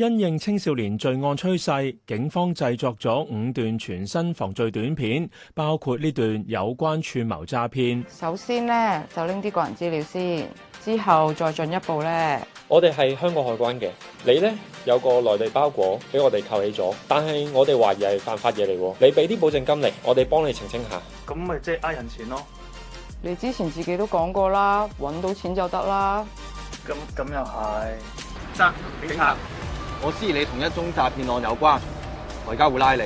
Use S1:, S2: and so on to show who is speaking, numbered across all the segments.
S1: 因應青少年罪案趨勢，警方製作咗五段全新防罪短片，包括呢段有關串謀詐騙。
S2: 首先呢，就拎啲個人資料先，之後再進一步呢，
S1: 我哋係香港海關嘅，你呢，有個內地包裹俾我哋扣起咗，但係我哋懷疑係犯法嘢嚟。你俾啲保證金嚟，我哋幫你澄清下。咁咪即係呃人錢
S2: 咯？你之前自己都講過啦，揾到錢就得啦。咁咁又係，揸警察。我知你同一宗詐騙案有關，我而家會拉你。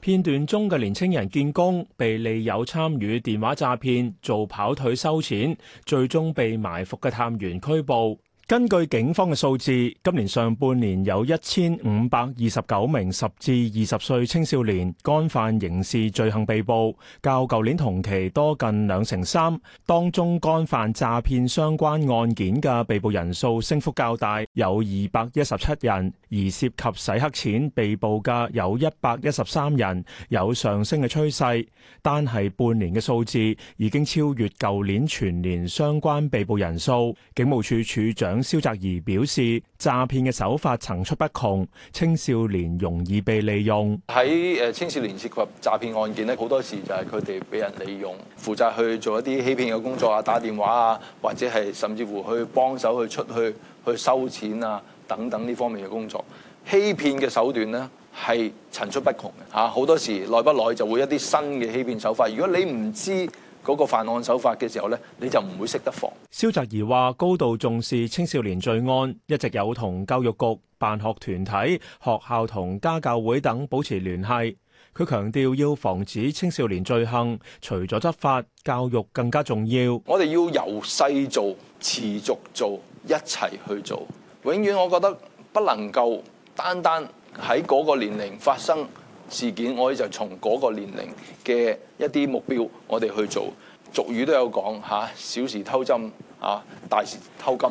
S1: 片段中嘅年青人見工被利誘參與電話詐騙，做跑腿收錢，最終被埋伏嘅探員拘捕。根據警方嘅數字，今年上半年有一千五百二十九名十至二十歲青少年干犯刑事罪行被捕，較舊年同期多近兩成三。當中干犯詐騙相關案件嘅被捕人數升幅較大，有二百一十七人，而涉及洗黑錢被捕嘅有一百一十三人，有上升嘅趨勢。單係半年嘅數字已經超越舊年全年相關被捕人數。警務處處長。蕭澤頤表示，詐騙嘅手法層出不窮，青少年容易被利用。
S2: 喺誒，青少年涉及詐騙案件咧，好多時就係佢哋俾人利用，負責去做一啲欺騙嘅工作啊，打電話啊，或者係甚至乎去幫手去出去去收錢啊等等呢方面嘅工作。欺騙嘅手段呢，係層出不窮嘅吓，好多時耐不耐就會一啲新嘅欺騙手法。如果你唔知，嗰個犯案手法嘅時候咧，你就唔會識得防。
S1: 蕭澤頤話：高度重視青少年罪案，一直有同教育局、辦學團體、學校同家教會等保持聯繫。佢強調要防止青少年罪行，除咗執法，教育更加重要。
S2: 我哋要由細做，持續做，一齊去做。永遠我覺得不能夠單單喺嗰個年齡發生。事件，我哋就從嗰個年齡嘅一啲目標，我哋去做。俗語都有講：嚇，小時偷針，嚇，大時偷金。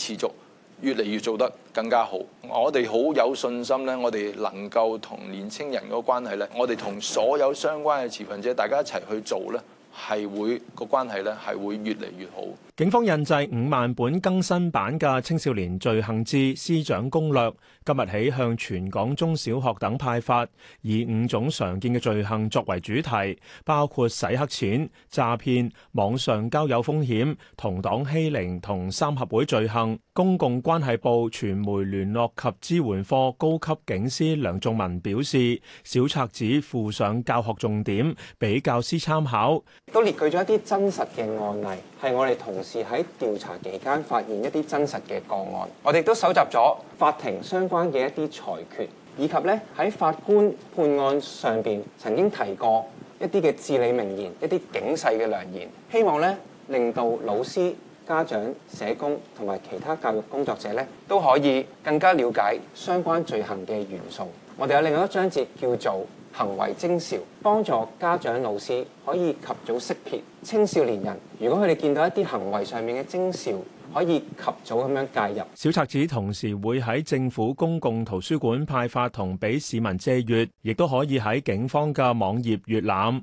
S2: 持續越嚟越做得更加好，我哋好有信心咧，我哋能夠同年青人個關係咧，我哋同所有相關嘅持份者，大家一齊去做咧。係會個關係咧，係會越嚟越好。
S1: 警方印製五萬本更新版嘅青少年罪行師長攻略，今日起向全港中小學等派發，以五種常見嘅罪行作為主題，包括洗黑錢、詐騙、網上交友風險、同黨欺凌、同三合會罪行。公共關係部傳媒聯絡及支援科高級警司梁仲文表示，小冊子附上教學重點，俾教師參考。
S3: 都列舉咗一啲真實嘅案例，係我哋同事喺調查期間發現一啲真實嘅個案。我哋都搜集咗法庭相關嘅一啲裁決，以及咧喺法官判案上邊曾經提過一啲嘅至理名言、一啲警世嘅良言，希望咧令到老師、家長、社工同埋其他教育工作者咧都可以更加了解相關罪行嘅元素。我哋有另外一章節叫做。行為徵兆，幫助家長老師可以及早識別青少年人。如果佢哋見到一啲行為上面嘅徵兆，可以及早咁樣介入。
S1: 小冊子同時會喺政府公共圖書館派發，同俾市民借閱，亦都可以喺警方嘅網頁閲覽。